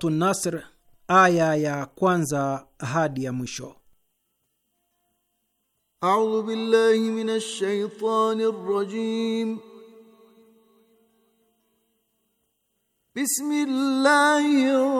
Suratu Nasr aya ya kwanza hadi ya mwisho. Audhu billahi minash rajim. Bismillahir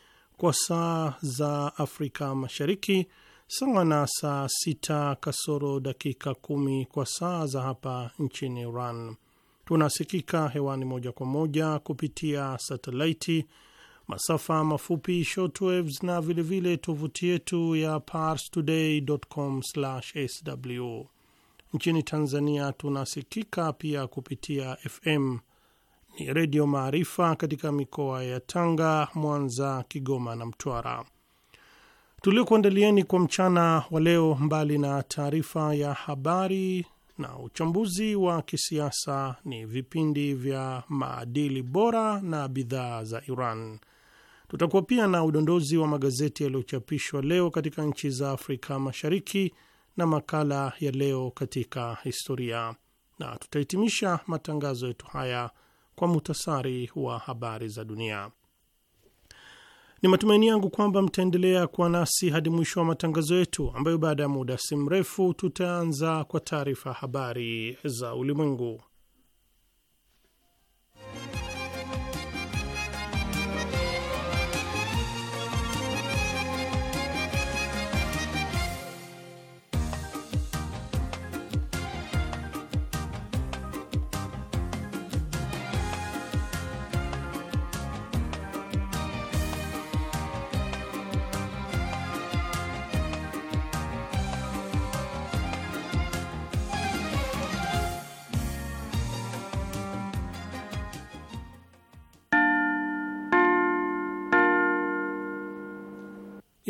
kwa saa za Afrika Mashariki, sawa na saa sita kasoro dakika kumi kwa saa za hapa nchini Iran. Tunasikika hewani moja kwa moja kupitia satelaiti, masafa mafupi shortwaves, na vilevile tovuti yetu ya parstoday.com/sw. Nchini Tanzania tunasikika pia kupitia FM ni Redio Maarifa katika mikoa ya Tanga, Mwanza, Kigoma na Mtwara. Tuliokuandalieni kwa mchana wa leo, mbali na taarifa ya habari na uchambuzi wa kisiasa, ni vipindi vya maadili bora na bidhaa za Iran. Tutakuwa pia na udondozi wa magazeti yaliyochapishwa leo katika nchi za Afrika Mashariki na makala ya leo katika historia, na tutahitimisha matangazo yetu haya kwa muhtasari wa habari za dunia. Ni matumaini yangu kwamba mtaendelea kuwa nasi hadi mwisho wa matangazo yetu, ambayo baada ya muda si mrefu tutaanza kwa taarifa habari za ulimwengu.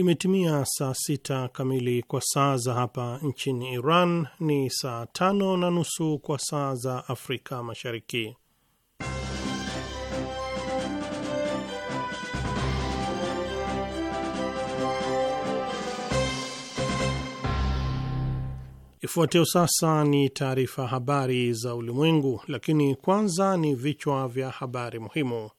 Imetimia saa sita kamili kwa saa za hapa nchini Iran, ni saa tano na nusu kwa saa za Afrika Mashariki. ifuatio sasa ni taarifa habari za ulimwengu, lakini kwanza ni vichwa vya habari muhimu.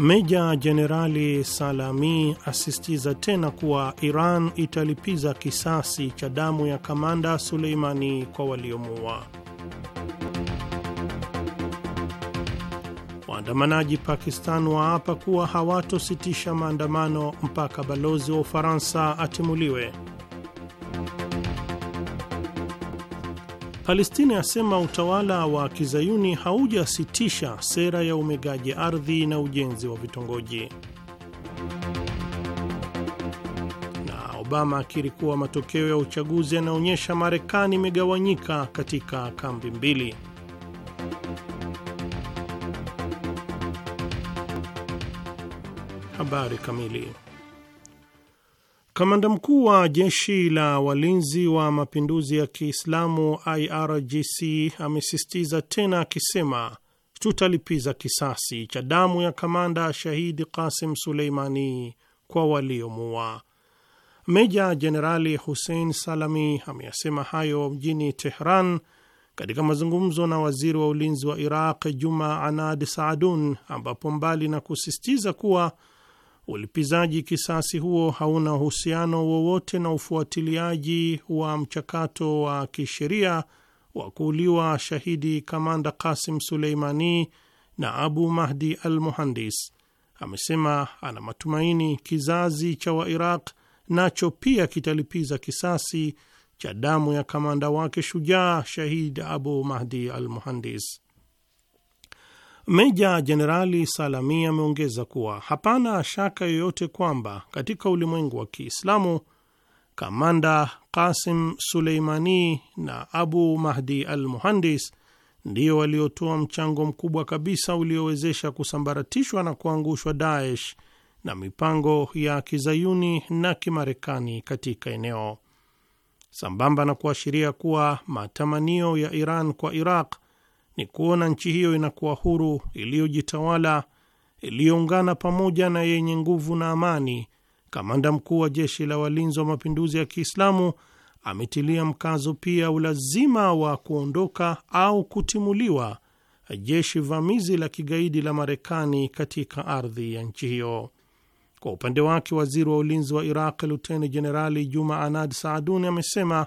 Meja Jenerali Salami asisitiza tena kuwa Iran italipiza kisasi cha damu ya kamanda Suleimani kwa waliomuua. Waandamanaji Pakistan waapa kuwa hawatositisha maandamano mpaka balozi wa Ufaransa atimuliwe. Palestina asema utawala wa kizayuni haujasitisha sera ya umegaji ardhi na ujenzi wa vitongoji. Na Obama akiri kuwa matokeo ya uchaguzi yanaonyesha Marekani imegawanyika katika kambi mbili. Habari kamili Kamanda mkuu wa jeshi la walinzi wa mapinduzi ya Kiislamu IRGC amesisitiza tena akisema, tutalipiza kisasi cha damu ya kamanda shahidi Qasim Suleimani kwa waliomua Meja Jenerali Hussein Salami ameyasema hayo mjini Tehran katika mazungumzo na waziri wa ulinzi wa Iraq Juma Anad Saadun, ambapo mbali na kusisitiza kuwa Ulipizaji kisasi huo hauna uhusiano wowote na ufuatiliaji wa mchakato wa kisheria wa kuuliwa shahidi kamanda Kasim Suleimani na Abu Mahdi al Muhandis. Amesema ana matumaini kizazi cha Wairaq nacho pia kitalipiza kisasi cha damu ya kamanda wake shujaa shahid Abu Mahdi al Muhandis. Meja Jenerali Salami ameongeza kuwa hapana shaka yoyote kwamba katika ulimwengu wa Kiislamu kamanda kasim Suleimani na Abu Mahdi al Muhandis ndio waliotoa mchango mkubwa kabisa uliowezesha kusambaratishwa na kuangushwa Daesh na mipango ya kizayuni na kimarekani katika eneo, sambamba na kuashiria kuwa matamanio ya Iran kwa Iraq ni kuona nchi hiyo inakuwa huru, iliyojitawala, iliyoungana pamoja na yenye nguvu na amani. Kamanda mkuu wa jeshi la walinzi wa mapinduzi ya Kiislamu ametilia mkazo pia ulazima wa kuondoka au kutimuliwa jeshi vamizi la kigaidi la Marekani katika ardhi ya nchi hiyo. Kwa upande wake, waziri wa ulinzi wa Iraq Luteni Jenerali Juma Anad Saaduni amesema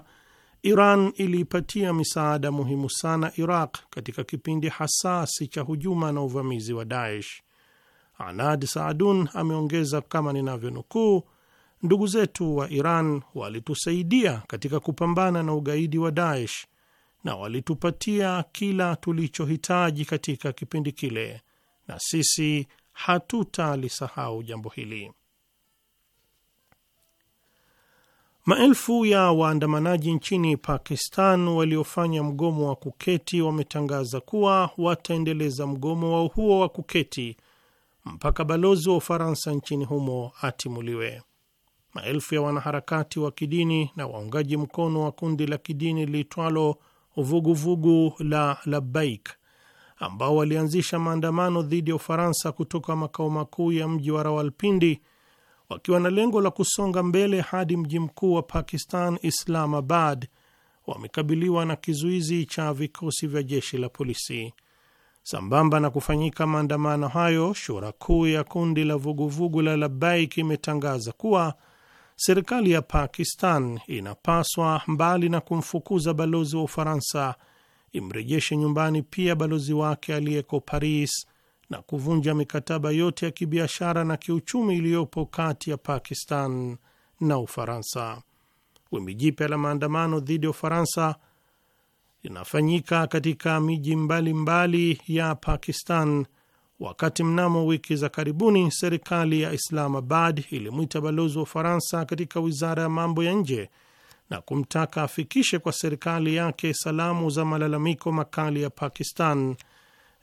Iran iliipatia misaada muhimu sana Iraq katika kipindi hasasi cha hujuma na uvamizi wa Daesh. Anad Saadun ameongeza kama ninavyonukuu, ndugu zetu wa Iran walitusaidia katika kupambana na ugaidi wa Daesh na walitupatia kila tulichohitaji katika kipindi kile, na sisi hatutalisahau jambo hili. Maelfu ya waandamanaji nchini Pakistan waliofanya mgomo wa kuketi wametangaza kuwa wataendeleza mgomo wao huo wa kuketi mpaka balozi wa Ufaransa nchini humo atimuliwe. Maelfu ya wanaharakati wa kidini na waungaji mkono wa kundi la kidini liitwalo vuguvugu la labaik ambao walianzisha maandamano dhidi ya Ufaransa kutoka makao makuu ya mji wa Rawalpindi wakiwa na lengo la kusonga mbele hadi mji mkuu wa Pakistan, Islamabad, wamekabiliwa na kizuizi cha vikosi vya jeshi la polisi. Sambamba na kufanyika maandamano hayo, shura kuu ya kundi la vuguvugu la Labaik imetangaza kuwa serikali ya Pakistan inapaswa, mbali na kumfukuza balozi wa Ufaransa, imrejeshe nyumbani pia balozi wake aliyeko Paris na kuvunja mikataba yote ya kibiashara na kiuchumi iliyopo kati ya Pakistan na Ufaransa. Wimbi jipya la maandamano dhidi ya Ufaransa linafanyika katika miji mbalimbali ya Pakistan, wakati mnamo wiki za karibuni serikali ya Islamabad ilimwita balozi wa Ufaransa katika wizara ya mambo ya nje na kumtaka afikishe kwa serikali yake salamu za malalamiko makali ya Pakistan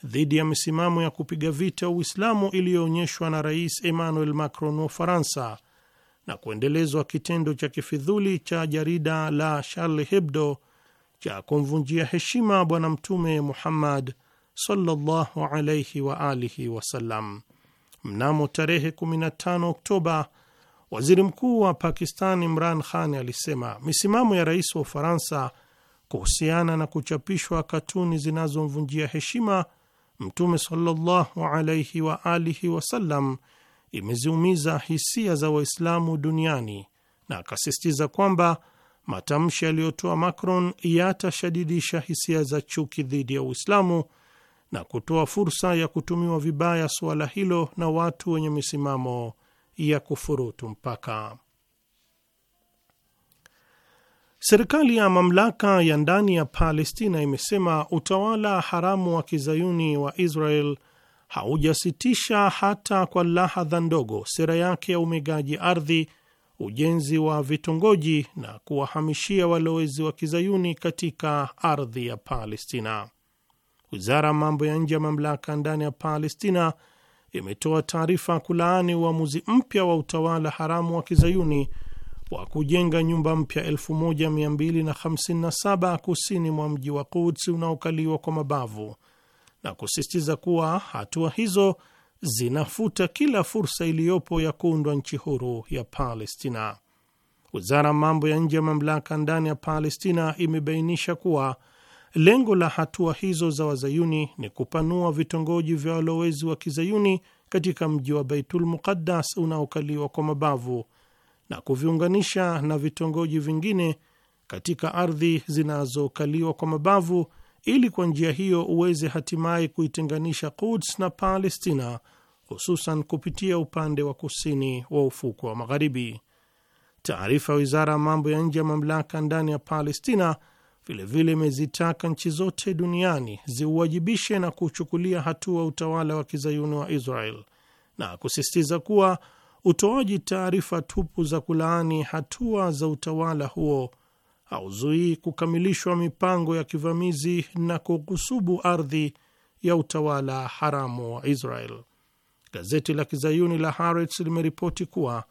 dhidi ya misimamo ya kupiga vita Uislamu iliyoonyeshwa na Rais Emmanuel Macron wa Ufaransa na kuendelezwa kitendo cha kifidhuli cha jarida la Charlie Hebdo cha kumvunjia heshima Bwana Mtume Muhammad sallallahu wa alihi wasallam. Mnamo tarehe 15 Oktoba, waziri mkuu wa Pakistan Imran Khan alisema misimamo ya rais wa Ufaransa kuhusiana na kuchapishwa katuni zinazomvunjia heshima Mtume sallallahu alaihi wa alihi wasallam imeziumiza hisia za Waislamu duniani na akasisitiza kwamba matamshi aliyotoa Macron yatashadidisha hisia za chuki dhidi ya Uislamu na kutoa fursa ya kutumiwa vibaya suala hilo na watu wenye misimamo ya kufurutu mpaka. Serikali ya mamlaka ya ndani ya Palestina imesema utawala haramu wa kizayuni wa Israel haujasitisha hata kwa lahadha ndogo sera yake ya umegaji ardhi, ujenzi wa vitongoji na kuwahamishia walowezi wa kizayuni katika ardhi ya Palestina. Wizara ya mambo ya nje ya mamlaka ndani ya Palestina imetoa taarifa kulaani uamuzi mpya wa utawala haramu wa kizayuni wa kujenga nyumba mpya 1257 kusini mwa mji wa Quds unaokaliwa kwa mabavu na kusisitiza kuwa hatua hizo zinafuta kila fursa iliyopo ya kuundwa nchi huru ya Palestina. Wizara ya mambo ya nje ya mamlaka ndani ya Palestina imebainisha kuwa lengo la hatua hizo za wazayuni ni kupanua vitongoji vya walowezi wa kizayuni katika mji wa Baitul Muqaddas unaokaliwa kwa mabavu na kuviunganisha na vitongoji vingine katika ardhi zinazokaliwa kwa mabavu ili kwa njia hiyo uweze hatimaye kuitenganisha Quds na Palestina, hususan kupitia upande wa kusini wa ufuko wa magharibi. Taarifa ya wizara ya mambo ya nje ya mamlaka ndani ya Palestina vilevile imezitaka vile nchi zote duniani ziuwajibishe na kuchukulia hatua utawala wa kizayuni wa Israel na kusisitiza kuwa utoaji taarifa tupu za kulaani hatua za utawala huo hauzuii kukamilishwa mipango ya kivamizi na kukusubu ardhi ya utawala haramu wa Israel. Gazeti la kizayuni la Haaretz limeripoti kuwa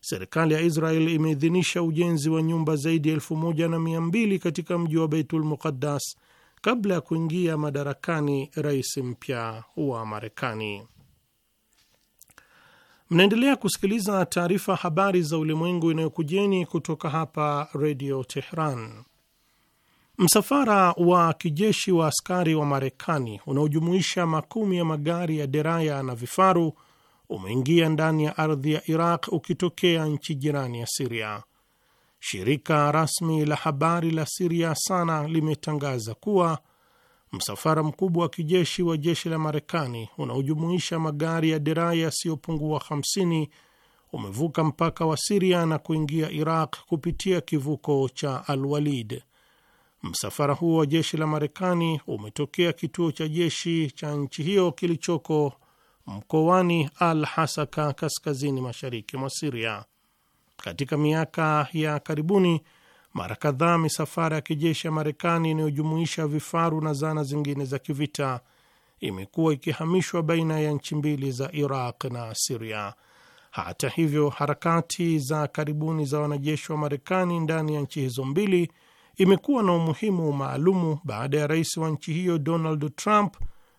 serikali ya Israel imeidhinisha ujenzi wa nyumba zaidi ya elfu moja na mia mbili katika mji wa Beitul Muqaddas kabla ya kuingia madarakani rais mpya wa Marekani. Mnaendelea kusikiliza taarifa habari za ulimwengu inayokujeni kutoka hapa redio Tehran. Msafara wa kijeshi wa askari wa Marekani unaojumuisha makumi ya magari ya deraya na vifaru umeingia ndani ya ardhi ya Iraq ukitokea nchi jirani ya Siria. Shirika rasmi la habari la Siria Sana limetangaza kuwa Msafara mkubwa wa kijeshi wa jeshi la Marekani unaojumuisha magari ya dirai yasiyopungua 50 umevuka mpaka wa Siria na kuingia Iraq kupitia kivuko cha Al-Walid. Msafara huo wa jeshi la Marekani umetokea kituo cha jeshi cha nchi hiyo kilichoko mkoani Al Hasaka, kaskazini mashariki mwa Siria. Katika miaka ya karibuni mara kadhaa misafara ya kijeshi ya Marekani inayojumuisha vifaru na zana zingine za kivita imekuwa ikihamishwa baina ya nchi mbili za Iraq na Siria. Hata hivyo, harakati za karibuni za wanajeshi wa Marekani ndani ya nchi hizo mbili imekuwa na umuhimu maalumu baada ya rais wa nchi hiyo Donald Trump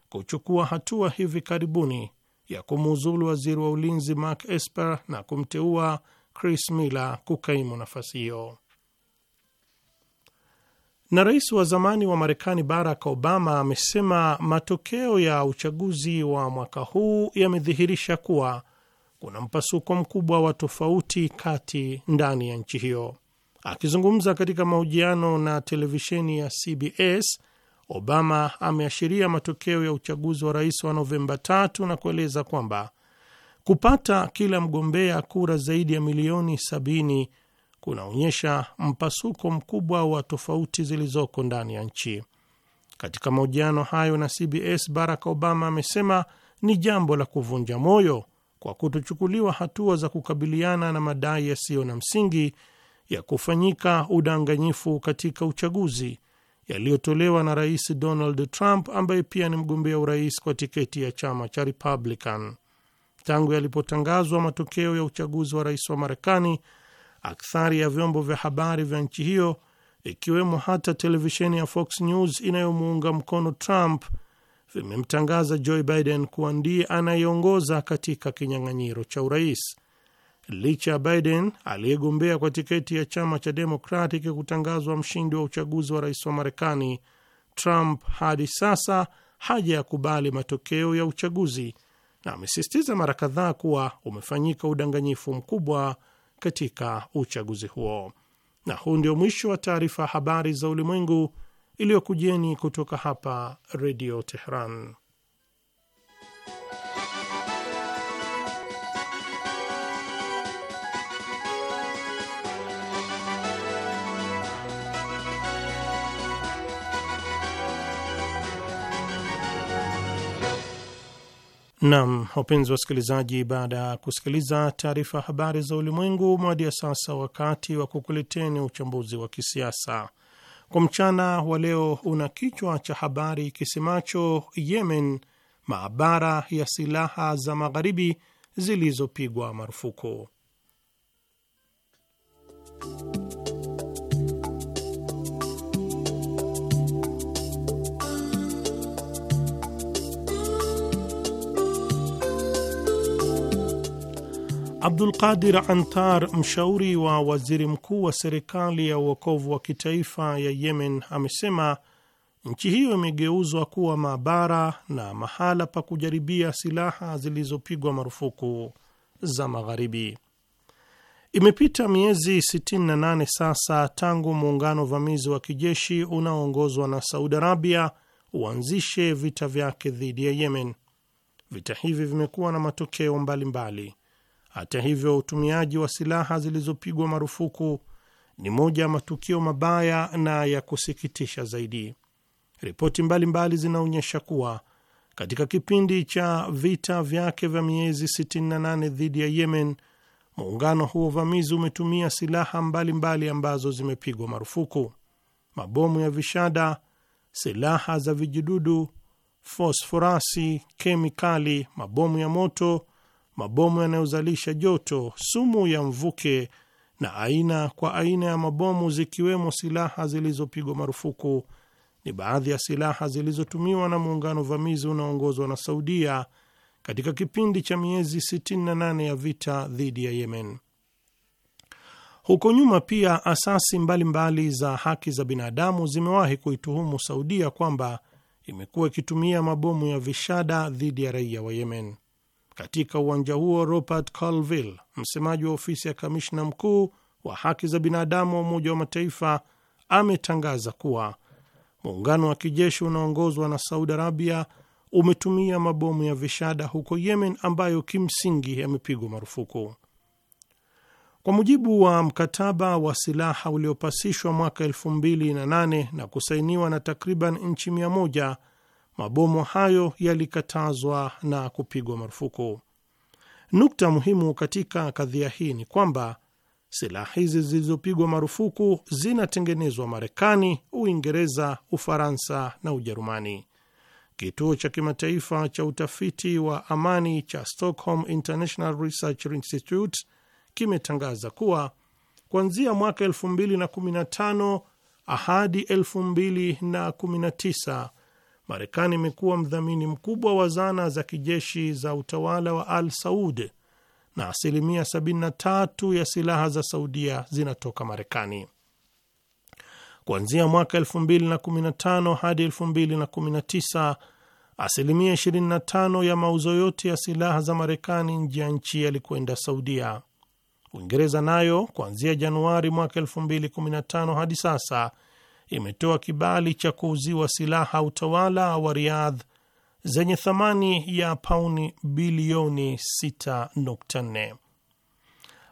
kuchukua hatua hivi karibuni ya kumuuzulu waziri wa ulinzi Mark Esper na kumteua Chris Miller kukaimu nafasi hiyo. Na rais wa zamani wa Marekani Barack Obama amesema matokeo ya uchaguzi wa mwaka huu yamedhihirisha kuwa kuna mpasuko mkubwa wa tofauti kati ndani ya nchi hiyo. Akizungumza katika mahojiano na televisheni ya CBS, Obama ameashiria matokeo ya uchaguzi wa rais wa Novemba tatu na kueleza kwamba kupata kila mgombea kura zaidi ya milioni sabini kunaonyesha mpasuko mkubwa wa tofauti zilizoko ndani ya nchi. Katika mahojiano hayo na CBS, Barack Obama amesema ni jambo la kuvunja moyo kwa kutochukuliwa hatua za kukabiliana na madai yasiyo na msingi ya kufanyika udanganyifu katika uchaguzi yaliyotolewa na Rais Donald Trump ambaye pia ni mgombea urais kwa tiketi ya chama cha Republican. Tangu yalipotangazwa matokeo ya uchaguzi wa rais wa Marekani akthari ya vyombo vya habari vya nchi hiyo ikiwemo hata televisheni ya Fox News inayomuunga mkono Trump vimemtangaza Joe Biden kuwa ndiye anayeongoza katika kinyang'anyiro cha urais. Licha ya Biden aliyegombea kwa tiketi ya chama cha demokrati kutangazwa mshindi wa uchaguzi wa rais wa Marekani, Trump hadi sasa haja ya kubali matokeo ya uchaguzi na amesisitiza mara kadhaa kuwa umefanyika udanganyifu mkubwa katika uchaguzi huo. Na huu ndio mwisho wa taarifa ya habari za ulimwengu iliyokujeni kutoka hapa Redio Teheran. Nam, wapenzi wasikilizaji, baada ya kusikiliza taarifa habari za ulimwengu, mwadi ya sasa wakati wa kukuleteni uchambuzi wa kisiasa kwa mchana wa leo. Una kichwa cha habari kisemacho Yemen, maabara ya silaha za magharibi zilizopigwa marufuku. Abdulqadir Antar, mshauri wa waziri mkuu wa serikali ya uokovu wa kitaifa ya Yemen, amesema nchi hiyo imegeuzwa kuwa maabara na mahala pa kujaribia silaha zilizopigwa marufuku za Magharibi. Imepita miezi 68 sasa tangu muungano vamizi wa kijeshi unaoongozwa na Saudi Arabia uanzishe vita vyake dhidi ya Yemen. Vita hivi vimekuwa na matokeo mbalimbali mbali. Hata hivyo, utumiaji wa silaha zilizopigwa marufuku ni moja ya matukio mabaya na ya kusikitisha zaidi. Ripoti mbalimbali zinaonyesha kuwa katika kipindi cha vita vyake vya miezi 68 dhidi ya Yemen, muungano huo vamizi umetumia silaha mbalimbali mbali ambazo zimepigwa marufuku: mabomu ya vishada, silaha za vijidudu, fosforasi, kemikali, mabomu ya moto mabomu yanayozalisha joto, sumu ya mvuke na aina kwa aina ya mabomu zikiwemo silaha zilizopigwa marufuku ni baadhi ya silaha zilizotumiwa na muungano vamizi unaoongozwa na Saudia katika kipindi cha miezi 68 ya vita dhidi ya Yemen. Huko nyuma pia asasi mbalimbali mbali za haki za binadamu zimewahi kuituhumu Saudia kwamba imekuwa ikitumia mabomu ya vishada dhidi ya raia wa Yemen. Katika uwanja huo, Robert Colville, msemaji wa ofisi ya kamishna mkuu wa haki za binadamu wa Umoja wa Mataifa, ametangaza kuwa muungano wa kijeshi unaoongozwa na Saudi Arabia umetumia mabomu ya vishada huko Yemen ambayo kimsingi yamepigwa marufuku kwa mujibu wa mkataba wa silaha uliopasishwa mwaka 28 na kusainiwa na takriban nchi mia moja mabomu hayo yalikatazwa na kupigwa marufuku. Nukta muhimu katika kadhia hii ni kwamba silaha hizi zilizopigwa marufuku zinatengenezwa Marekani, Uingereza, Ufaransa na Ujerumani. Kituo cha kimataifa cha utafiti wa amani cha Stockholm International Research Institute kimetangaza kuwa kuanzia mwaka 2015 hadi 2019 Marekani imekuwa mdhamini mkubwa wa zana za kijeshi za utawala wa Al Saud na asilimia 73 ya silaha za Saudia zinatoka Marekani. Kuanzia mwaka 2015 hadi 2019, asilimia 25 ya mauzo yote ya silaha za Marekani nje ya nchi yalikwenda Saudia. Uingereza nayo kuanzia Januari mwaka 2015 hadi sasa imetoa kibali cha kuuziwa silaha utawala wa Riyadh zenye thamani ya pauni bilioni 6.4.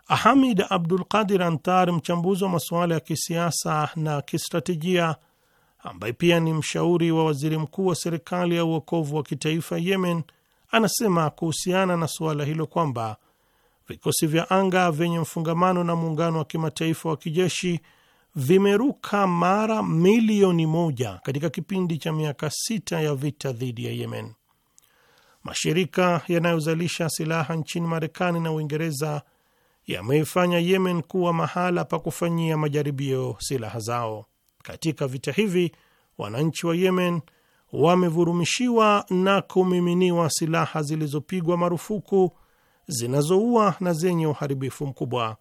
Hamid Abdul Qadir Antar, mchambuzi wa masuala ya kisiasa na kistratejia, ambaye pia ni mshauri wa waziri mkuu wa serikali ya uokovu wa kitaifa Yemen, anasema kuhusiana na suala hilo kwamba vikosi vya anga vyenye mfungamano na muungano wa kimataifa wa kijeshi vimeruka mara milioni moja katika kipindi cha miaka sita ya vita dhidi ya Yemen. Mashirika yanayozalisha silaha nchini Marekani na Uingereza yameifanya Yemen kuwa mahala pa kufanyia majaribio silaha zao. Katika vita hivi, wananchi wa Yemen wamevurumishiwa na kumiminiwa silaha zilizopigwa marufuku zinazoua na zenye uharibifu mkubwa.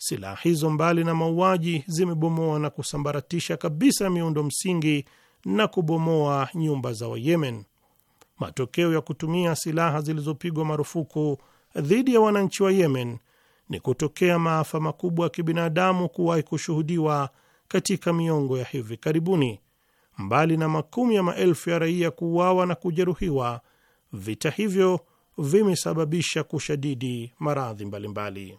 Silaha hizo mbali na mauaji, zimebomoa na kusambaratisha kabisa miundo msingi na kubomoa nyumba za Wayemen. Matokeo ya kutumia silaha zilizopigwa marufuku dhidi ya wananchi wa Yemen ni kutokea maafa makubwa ya kibinadamu kuwahi kushuhudiwa katika miongo ya hivi karibuni. Mbali na makumi ya maelfu ya raia kuuawa na kujeruhiwa, vita hivyo vimesababisha kushadidi maradhi mbalimbali.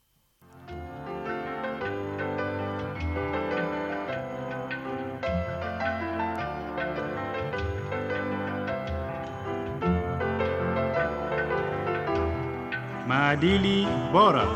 Maadili bora.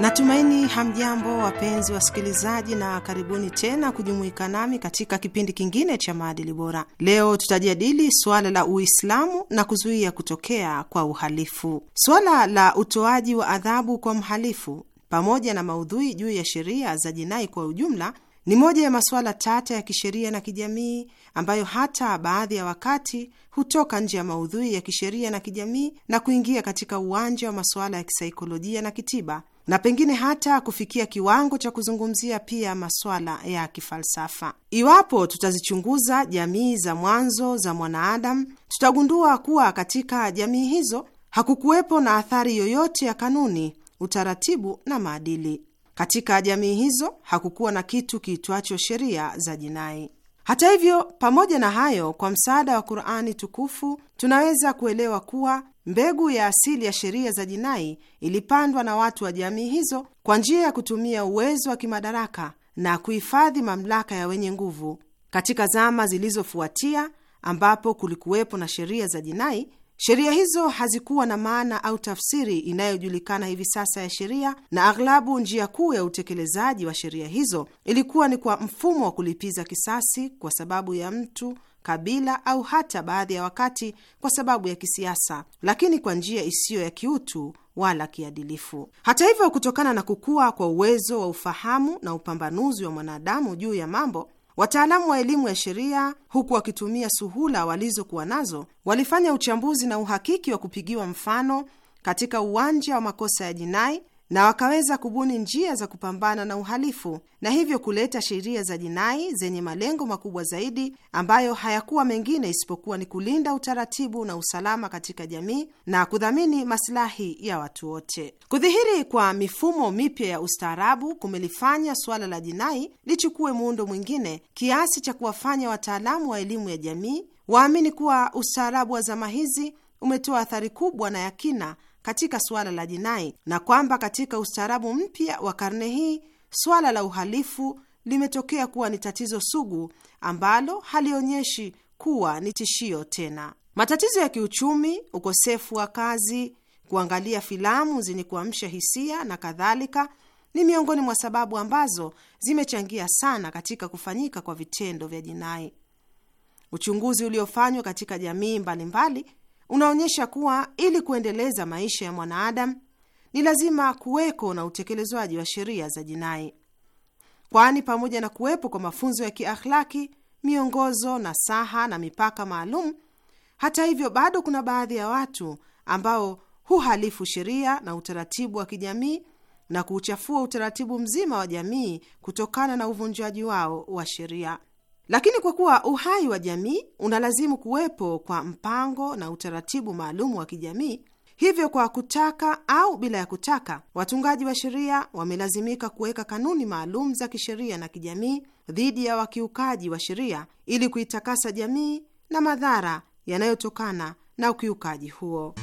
Natumaini hamjambo wapenzi wasikilizaji, na karibuni tena kujumuika nami katika kipindi kingine cha maadili bora. Leo tutajadili suala la Uislamu na kuzuia kutokea kwa uhalifu, suala la utoaji wa adhabu kwa mhalifu, pamoja na maudhui juu ya sheria za jinai kwa ujumla ni moja ya masuala tata ya kisheria na kijamii ambayo hata baadhi ya wakati hutoka nje ya maudhui ya kisheria na kijamii na kuingia katika uwanja wa masuala ya kisaikolojia na kitiba na pengine hata kufikia kiwango cha kuzungumzia pia masuala ya kifalsafa. Iwapo tutazichunguza jamii za mwanzo za mwanaadamu, tutagundua kuwa katika jamii hizo hakukuwepo na athari yoyote ya kanuni, utaratibu na maadili. Katika jamii hizo hakukuwa na kitu kiitwacho sheria za jinai. Hata hivyo, pamoja na hayo, kwa msaada wa qurani tukufu tunaweza kuelewa kuwa mbegu ya asili ya sheria za jinai ilipandwa na watu wa jamii hizo kwa njia ya kutumia uwezo wa kimadaraka na kuhifadhi mamlaka ya wenye nguvu. Katika zama zilizofuatia, ambapo kulikuwepo na sheria za jinai, Sheria hizo hazikuwa na maana au tafsiri inayojulikana hivi sasa ya sheria, na aghlabu njia kuu ya utekelezaji wa sheria hizo ilikuwa ni kwa mfumo wa kulipiza kisasi kwa sababu ya mtu, kabila au hata baadhi ya wakati kwa sababu ya kisiasa, lakini kwa njia isiyo ya kiutu wala kiadilifu. Hata hivyo, kutokana na kukua kwa uwezo wa ufahamu na upambanuzi wa mwanadamu juu ya mambo Wataalamu wa elimu ya sheria, huku wakitumia suhula walizokuwa nazo, walifanya uchambuzi na uhakiki wa kupigiwa mfano katika uwanja wa makosa ya jinai na wakaweza kubuni njia za kupambana na uhalifu na hivyo kuleta sheria za jinai zenye malengo makubwa zaidi ambayo hayakuwa mengine isipokuwa ni kulinda utaratibu na usalama katika jamii na kudhamini masilahi ya watu wote. Kudhihiri kwa mifumo mipya ya ustaarabu kumelifanya suala la jinai lichukue muundo mwingine kiasi cha kuwafanya wataalamu wa elimu ya jamii waamini kuwa ustaarabu wa zama hizi umetoa athari kubwa na yakina kina katika suala la jinai na kwamba katika ustaarabu mpya wa karne hii suala la uhalifu limetokea kuwa ni tatizo sugu ambalo halionyeshi kuwa ni tishio tena. Matatizo ya kiuchumi, ukosefu wa kazi, kuangalia filamu zenye kuamsha hisia na kadhalika ni miongoni mwa sababu ambazo zimechangia sana katika kufanyika kwa vitendo vya jinai. Uchunguzi uliofanywa katika jamii mbalimbali mbali unaonyesha kuwa ili kuendeleza maisha ya mwanaadamu ni lazima kuweko na utekelezwaji wa sheria za jinai, kwani pamoja na kuwepo kwa mafunzo ya kiakhlaki, miongozo, na saha na mipaka maalum, hata hivyo bado kuna baadhi ya watu ambao huhalifu sheria na utaratibu wa kijamii na kuuchafua utaratibu mzima wa jamii kutokana na uvunjaji wao wa sheria. Lakini kwa kuwa uhai wa jamii unalazimu kuwepo kwa mpango na utaratibu maalumu wa kijamii, hivyo kwa kutaka au bila ya kutaka, watungaji wa sheria wamelazimika kuweka kanuni maalum za kisheria na kijamii dhidi ya wakiukaji wa sheria ili kuitakasa jamii na madhara yanayotokana na ukiukaji huo.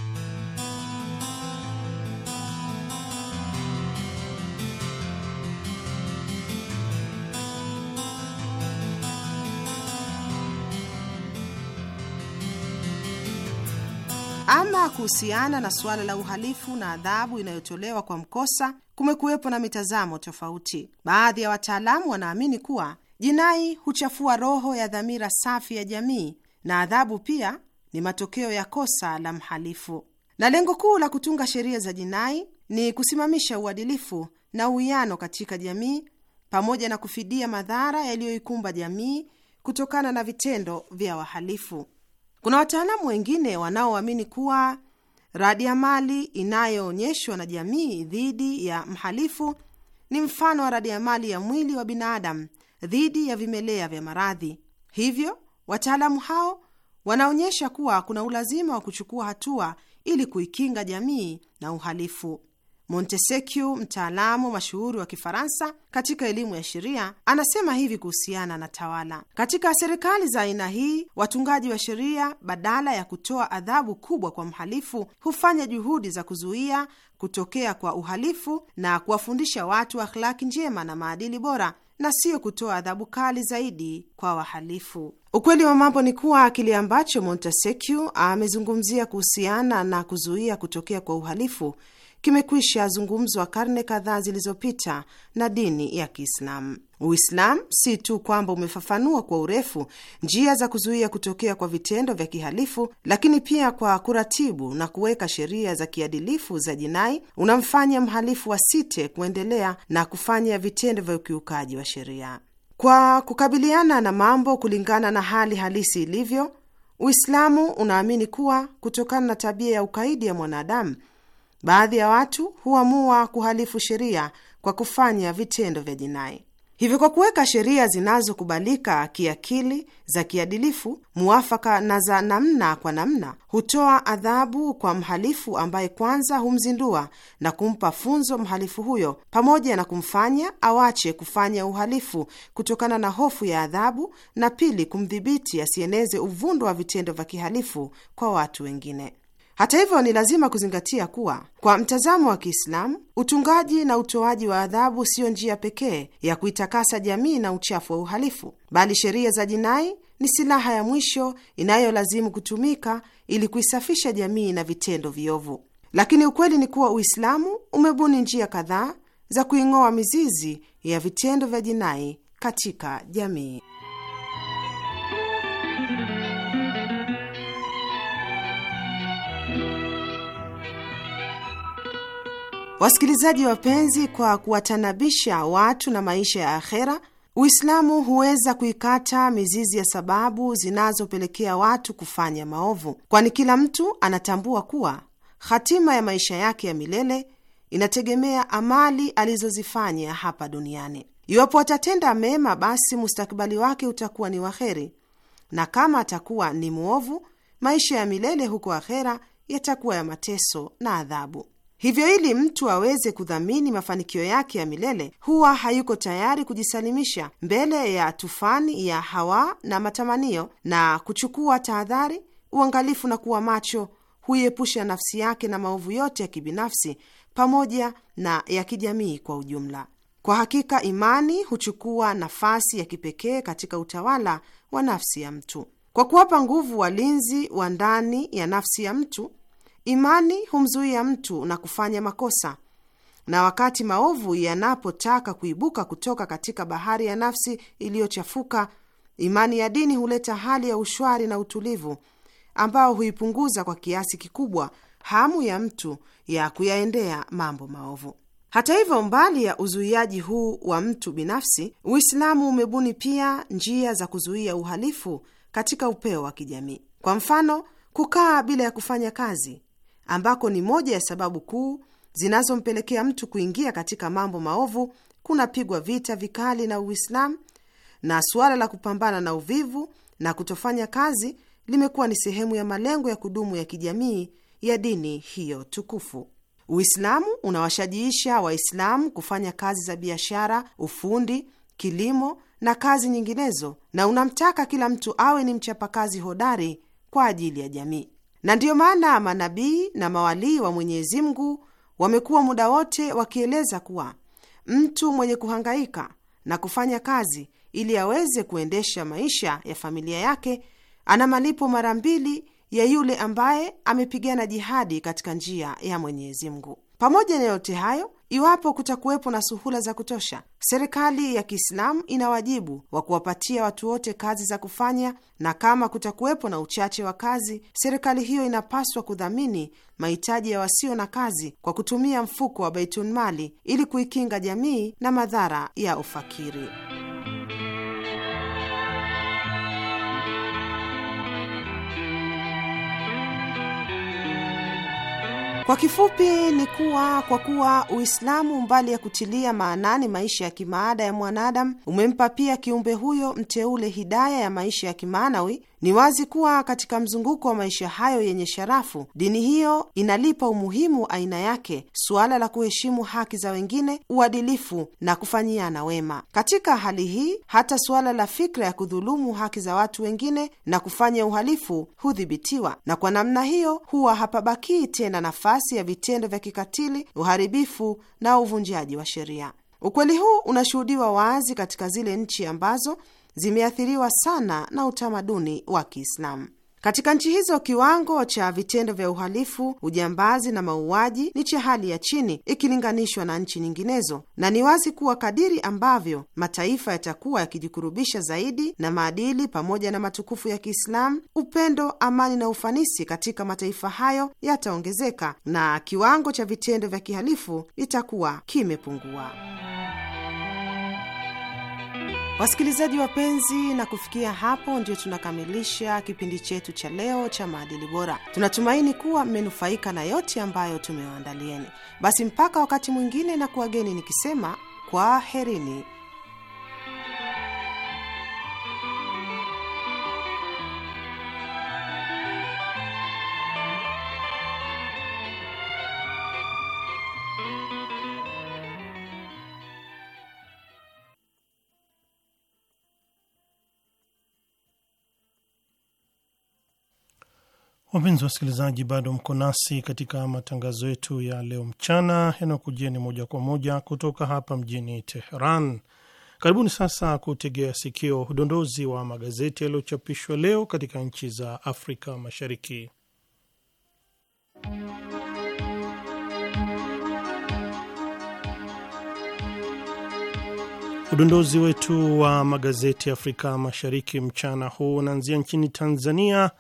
Ama kuhusiana na suala la uhalifu na adhabu inayotolewa kwa mkosa, kumekuwepo na mitazamo tofauti. Baadhi ya wataalamu wanaamini kuwa jinai huchafua roho ya dhamira safi ya jamii na adhabu pia ni matokeo ya kosa la mhalifu, na lengo kuu la kutunga sheria za jinai ni kusimamisha uadilifu na uwiano katika jamii pamoja na kufidia madhara yaliyoikumba jamii kutokana na vitendo vya wahalifu. Kuna wataalamu wengine wanaoamini kuwa radi ya mali inayoonyeshwa na jamii dhidi ya mhalifu ni mfano wa radi ya mali ya mwili wa binadamu dhidi ya vimelea vya maradhi. Hivyo wataalamu hao wanaonyesha kuwa kuna ulazima wa kuchukua hatua ili kuikinga jamii na uhalifu. Montesquieu, mtaalamu mashuhuri wa Kifaransa katika elimu ya sheria, anasema hivi kuhusiana na tawala: katika serikali za aina hii, watungaji wa sheria badala ya kutoa adhabu kubwa kwa mhalifu, hufanya juhudi za kuzuia kutokea kwa uhalifu na kuwafundisha watu akhlaki njema na maadili bora na siyo kutoa adhabu kali zaidi kwa wahalifu. Ukweli wa mambo ni kuwa kile ambacho Montesquieu amezungumzia kuhusiana na kuzuia kutokea kwa uhalifu kimekwisha zungumzwa karne kadhaa zilizopita na dini ya Kiislamu. Uislamu si tu kwamba umefafanua kwa urefu njia za kuzuia kutokea kwa vitendo vya kihalifu, lakini pia kwa kuratibu na kuweka sheria za kiadilifu za jinai, unamfanya mhalifu asite kuendelea na kufanya vitendo vya ukiukaji wa sheria. Kwa kukabiliana na mambo kulingana na hali halisi ilivyo, Uislamu unaamini kuwa kutokana na tabia ya ukaidi ya mwanadamu Baadhi ya watu huamua kuhalifu sheria kwa kufanya vitendo vya jinai. Hivyo, kwa kuweka sheria zinazokubalika kiakili, za kiadilifu, muafaka na za namna kwa namna, hutoa adhabu kwa mhalifu ambaye kwanza humzindua na kumpa funzo mhalifu huyo, pamoja na kumfanya awache kufanya uhalifu kutokana na hofu ya adhabu, na pili, kumdhibiti asieneze uvundo wa vitendo vya kihalifu kwa watu wengine. Hata hivyo, ni lazima kuzingatia kuwa kwa mtazamo wa Kiislamu, utungaji na utoaji wa adhabu siyo njia pekee ya kuitakasa jamii na uchafu wa uhalifu, bali sheria za jinai ni silaha ya mwisho inayolazimu kutumika ili kuisafisha jamii na vitendo viovu. Lakini ukweli ni kuwa Uislamu umebuni njia kadhaa za kuing'oa mizizi ya vitendo vya jinai katika jamii. Wasikilizaji wapenzi, kwa kuwatanabisha watu na maisha ya akhera, Uislamu huweza kuikata mizizi ya sababu zinazopelekea watu kufanya maovu, kwani kila mtu anatambua kuwa hatima ya maisha yake ya milele inategemea amali alizozifanya hapa duniani. Iwapo atatenda mema, basi mustakabali wake utakuwa ni waheri, na kama atakuwa ni mwovu, maisha ya milele huko akhera yatakuwa ya mateso na adhabu. Hivyo, ili mtu aweze kudhamini mafanikio yake ya milele, huwa hayuko tayari kujisalimisha mbele ya tufani ya hawa na matamanio, na kuchukua tahadhari, uangalifu na kuwa macho, huiepusha nafsi yake na maovu yote ya kibinafsi pamoja na ya kijamii kwa ujumla. Kwa hakika imani huchukua nafasi ya kipekee katika utawala wa nafsi ya mtu. Kwa kuwapa nguvu walinzi wa ndani ya nafsi ya mtu, Imani humzuia mtu na kufanya makosa, na wakati maovu yanapotaka kuibuka kutoka katika bahari ya nafsi iliyochafuka, imani ya dini huleta hali ya ushwari na utulivu ambao huipunguza kwa kiasi kikubwa hamu ya mtu ya kuyaendea mambo maovu. Hata hivyo, mbali ya uzuiaji huu wa mtu binafsi, Uislamu umebuni pia njia za kuzuia uhalifu katika upeo wa kijamii. Kwa mfano, kukaa bila ya kufanya kazi ambako ni moja ya sababu kuu zinazompelekea mtu kuingia katika mambo maovu, kunapigwa vita vikali na Uislamu, na suala la kupambana na uvivu na kutofanya kazi limekuwa ni sehemu ya malengo ya kudumu ya kijamii ya dini hiyo tukufu. Uislamu unawashajiisha Waislamu kufanya kazi za biashara, ufundi, kilimo na kazi nyinginezo, na unamtaka kila mtu awe ni mchapakazi hodari kwa ajili ya jamii na ndiyo maana manabii na mawalii wa Mwenyezi Mungu wamekuwa muda wote wakieleza kuwa mtu mwenye kuhangaika na kufanya kazi ili aweze kuendesha maisha ya familia yake ana malipo mara mbili ya yule ambaye amepigana jihadi katika njia ya Mwenyezi Mungu. Pamoja na yote hayo, Iwapo kutakuwepo na suhula za kutosha, serikali ya Kiislamu ina wajibu wa kuwapatia watu wote kazi za kufanya, na kama kutakuwepo na uchache wa kazi, serikali hiyo inapaswa kudhamini mahitaji ya wasio na kazi kwa kutumia mfuko wa Baitulmali ili kuikinga jamii na madhara ya ufakiri. Kwa kifupi ni kuwa kwa kuwa Uislamu mbali ya kutilia maanani maisha ya kimaada ya mwanadamu umempa pia kiumbe huyo mteule hidaya ya maisha ya kimaanawi ni wazi kuwa katika mzunguko wa maisha hayo yenye sharafu, dini hiyo inalipa umuhimu aina yake suala la kuheshimu haki za wengine, uadilifu na kufanyiana wema. Katika hali hii, hata suala la fikra ya kudhulumu haki za watu wengine na kufanya uhalifu hudhibitiwa, na kwa namna hiyo huwa hapabakii tena nafasi ya vitendo vya kikatili, uharibifu na uvunjaji wa sheria. Ukweli huu unashuhudiwa wazi katika zile nchi ambazo zimeathiriwa sana na utamaduni wa Kiislamu. Katika nchi hizo kiwango cha vitendo vya uhalifu, ujambazi na mauaji ni cha hali ya chini ikilinganishwa na nchi nyinginezo, na ni wazi kuwa kadiri ambavyo mataifa yatakuwa yakijikurubisha zaidi na maadili pamoja na matukufu ya Kiislamu, upendo, amani na ufanisi katika mataifa hayo yataongezeka na kiwango cha vitendo vya kihalifu itakuwa kimepungua. Wasikilizaji wapenzi, na kufikia hapo ndio tunakamilisha kipindi chetu cha leo cha maadili bora. Tunatumaini kuwa mmenufaika na yote ambayo tumewaandalieni. Basi mpaka wakati mwingine, na kuwageni nikisema kwaherini. Wapenzi wasikilizaji, bado mko nasi katika matangazo yetu ya leo mchana yanayokujieni moja kwa moja kutoka hapa mjini Teheran. Karibuni sasa kutegea sikio udondozi wa magazeti yaliyochapishwa leo katika nchi za Afrika Mashariki. Udondozi wetu wa magazeti Afrika Mashariki mchana huu unaanzia nchini Tanzania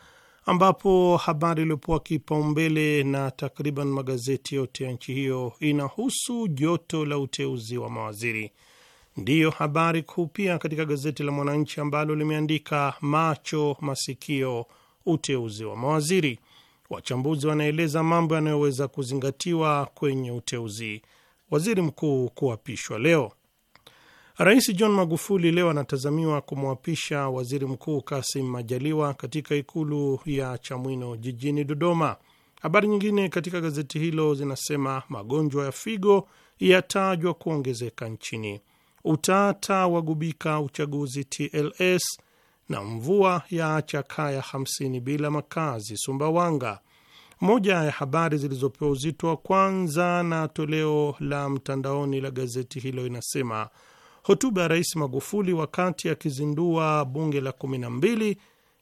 ambapo habari iliyopewa kipaumbele na takriban magazeti yote ya nchi hiyo inahusu joto la uteuzi wa mawaziri. Ndiyo habari kuu pia katika gazeti la Mwananchi ambalo limeandika macho masikio, uteuzi wa mawaziri. Wachambuzi wanaeleza mambo yanayoweza kuzingatiwa kwenye uteuzi. Waziri mkuu kuapishwa leo. Rais John Magufuli leo anatazamiwa kumwapisha waziri mkuu Kasim Majaliwa katika ikulu ya Chamwino jijini Dodoma. Habari nyingine katika gazeti hilo zinasema magonjwa ya figo yatajwa kuongezeka nchini, utata wagubika uchaguzi TLS, na mvua yaacha kaya 50 bila makazi Sumbawanga. Moja ya habari zilizopewa uzito wa kwanza na toleo la mtandaoni la gazeti hilo inasema hotuba ya Rais Magufuli wakati akizindua bunge la kumi na mbili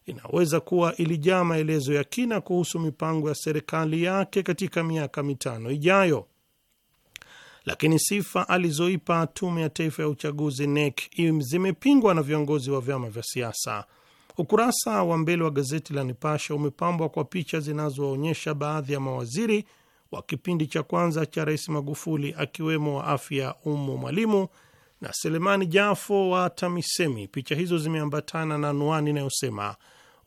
inaweza kuwa ilijaa maelezo ya kina kuhusu mipango ya serikali yake katika miaka mitano ijayo, lakini sifa alizoipa Tume ya Taifa ya Uchaguzi NEC zimepingwa na viongozi wa vyama vya siasa. Ukurasa wa mbele wa gazeti la Nipasha umepambwa kwa picha zinazoonyesha baadhi ya mawaziri wa kipindi cha kwanza cha Rais Magufuli, akiwemo wa afya Umu Mwalimu na Selemani Jafo wa TAMISEMI. Picha hizo zimeambatana na anwani inayosema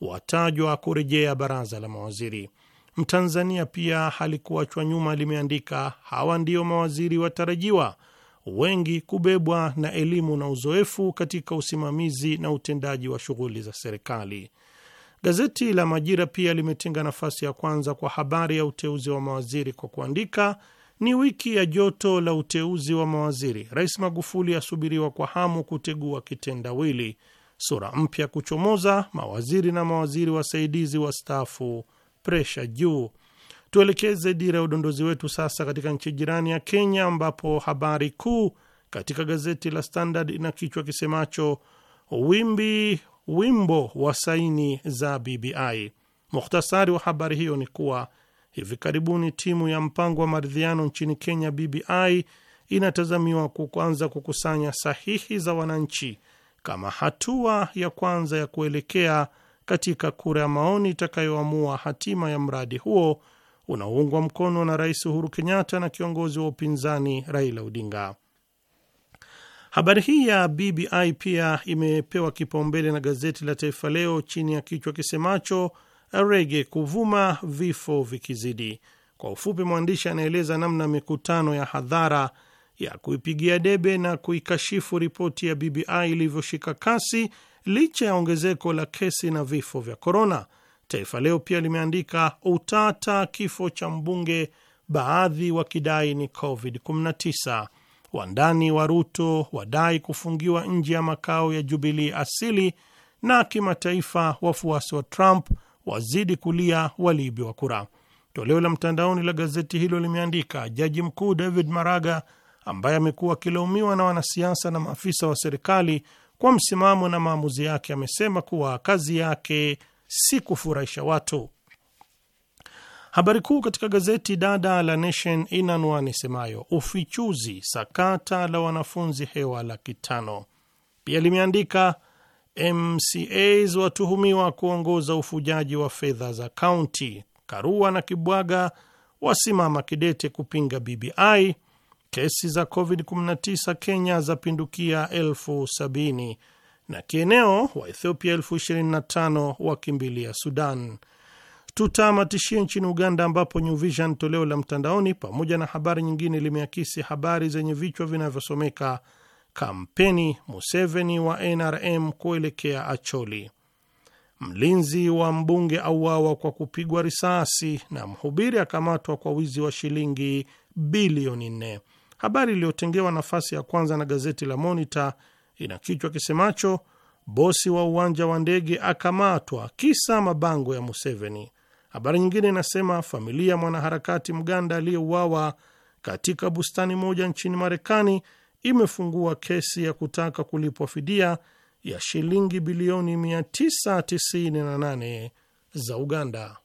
watajwa kurejea baraza la mawaziri. Mtanzania pia halikuachwa nyuma, limeandika hawa ndio mawaziri watarajiwa wengi kubebwa na elimu na uzoefu katika usimamizi na utendaji wa shughuli za serikali. Gazeti la Majira pia limetenga nafasi ya kwanza kwa habari ya uteuzi wa mawaziri kwa kuandika ni wiki ya joto la uteuzi wa mawaziri. Rais Magufuli asubiriwa kwa hamu kutegua kitendawili, sura mpya kuchomoza, mawaziri na mawaziri wasaidizi wastaafu, presha juu. Tuelekeze dira ya udondozi wetu sasa katika nchi jirani ya Kenya, ambapo habari kuu katika gazeti la Standard ina kichwa kisemacho wimbi wimbo wa saini za BBI. Mukhtasari wa habari hiyo ni kuwa Hivi karibuni timu ya mpango wa maridhiano nchini Kenya, BBI, inatazamiwa kuanza kukusanya sahihi za wananchi kama hatua ya kwanza ya kuelekea katika kura ya maoni itakayoamua hatima ya mradi huo unaoungwa mkono na Rais Uhuru Kenyatta na kiongozi wa upinzani Raila Odinga. Habari hii ya BBI pia imepewa kipaumbele na gazeti la Taifa Leo chini ya kichwa kisemacho rege kuvuma, vifo vikizidi. Kwa ufupi, mwandishi anaeleza namna mikutano ya hadhara ya kuipigia debe na kuikashifu ripoti ya BBI ilivyoshika kasi licha ya ongezeko la kesi na vifo vya korona. Taifa Leo pia limeandika utata kifo cha mbunge, baadhi wakidai ni COVID-19. Wandani wa Ruto wadai kufungiwa nje ya makao ya Jubilii asili, na kimataifa, wafuasi wa Trump wazidi kulia waliibiwa kura. Toleo la mtandaoni la gazeti hilo limeandika, jaji mkuu David Maraga ambaye amekuwa akilaumiwa na wanasiasa na maafisa wa serikali kwa msimamo na maamuzi yake, amesema kuwa kazi yake si kufurahisha watu. Habari kuu katika gazeti dada la Nation ina anwani ufichuzi sakata la wanafunzi hewa laki tano. Pia limeandika MCAs watuhumiwa kuongoza ufujaji wa fedha za kaunti. Karua na Kibwaga wasimama kidete kupinga BBI. Kesi za COVID-19 Kenya zapindukia elfu sabini na kieneo wa Ethiopia elfu ishirini na tano wakimbilia Sudan. Tutamatishia nchini Uganda ambapo New Vision toleo la mtandaoni pamoja na habari nyingine limeakisi habari zenye vichwa vinavyosomeka kampeni Museveni wa NRM kuelekea Acholi. Mlinzi wa mbunge auawa kwa kupigwa risasi na mhubiri akamatwa kwa wizi wa shilingi bilioni nne. Habari iliyotengewa nafasi ya kwanza na gazeti la monita ina kichwa kisemacho bosi wa uwanja wa ndege akamatwa kisa mabango ya Museveni. Habari nyingine inasema familia mwanaharakati Mganda aliyeuawa katika bustani moja nchini Marekani imefungua kesi ya kutaka kulipwa fidia ya shilingi bilioni 998 za Uganda.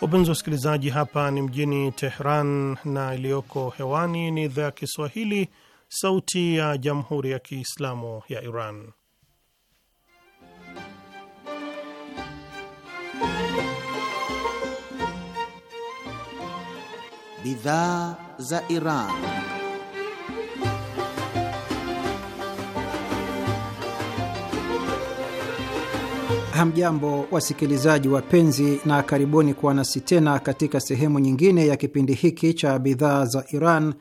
Wapenzi wa wasikilizaji, hapa ni mjini Tehran na iliyoko hewani ni idhaa ya Kiswahili sauti ya jamhuri ya Kiislamu ya Iran. Bidhaa za Iran. Hamjambo wasikilizaji wapenzi, na karibuni kuwa nasi tena katika sehemu nyingine ya kipindi hiki cha bidhaa za Iran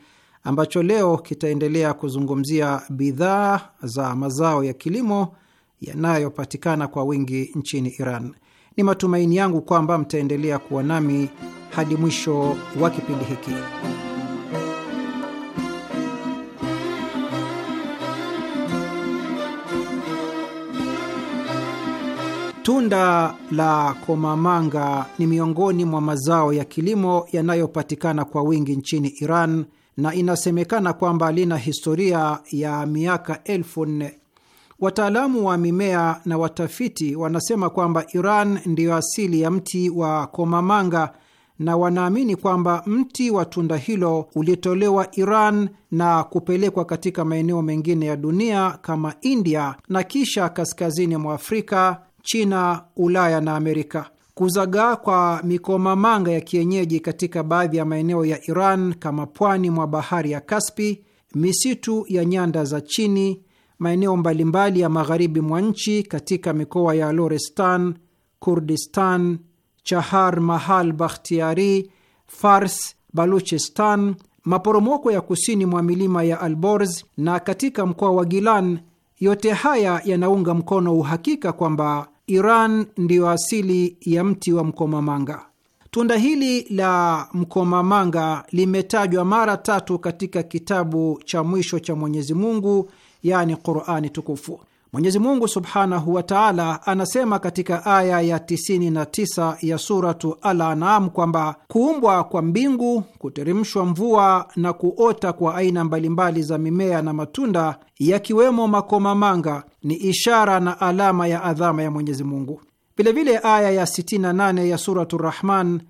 ambacho leo kitaendelea kuzungumzia bidhaa za mazao ya kilimo yanayopatikana kwa wingi nchini Iran. Ni matumaini yangu kwamba mtaendelea kuwa nami hadi mwisho wa kipindi hiki. Tunda la komamanga ni miongoni mwa mazao ya kilimo yanayopatikana kwa wingi nchini Iran na inasemekana kwamba lina historia ya miaka elfu nne. Wataalamu wa mimea na watafiti wanasema kwamba Iran ndiyo asili ya mti wa komamanga na wanaamini kwamba mti wa tunda hilo ulitolewa Iran na kupelekwa katika maeneo mengine ya dunia kama India na kisha kaskazini mwa Afrika, China, Ulaya na Amerika. Kuzagaa kwa mikomamanga ya kienyeji katika baadhi ya maeneo ya Iran kama pwani mwa bahari ya Kaspi, misitu ya nyanda za chini, maeneo mbalimbali ya magharibi mwa nchi katika mikoa ya Lorestan, Kurdistan, Chahar Mahal Bakhtiari, Fars, Baluchistan, maporomoko ya kusini mwa milima ya Alborz na katika mkoa wa Gilan, yote haya yanaunga mkono uhakika kwamba Iran ndiyo asili ya mti wa mkomamanga. Tunda hili la mkomamanga limetajwa mara tatu katika kitabu cha mwisho cha Mwenyezi Mungu, yaani Qurani Tukufu. Mwenyezi Mungu subhanahu wa taala anasema katika aya ya 99 ya Suratu Al Anam kwamba kuumbwa kwa mbingu, kuteremshwa mvua na kuota kwa aina mbalimbali za mimea na matunda, yakiwemo makomamanga, ni ishara na alama ya adhama ya Mwenyezi Mungu. Vilevile aya ya 68 ya Suratu Rahman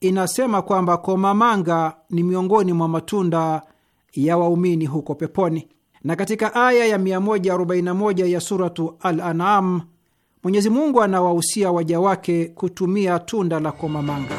inasema kwamba komamanga ni miongoni mwa matunda ya waumini huko peponi. Na katika aya ya 141 ya suratu Al-An'am Mwenyezi Mungu anawahusia waja wake kutumia tunda la komamanga.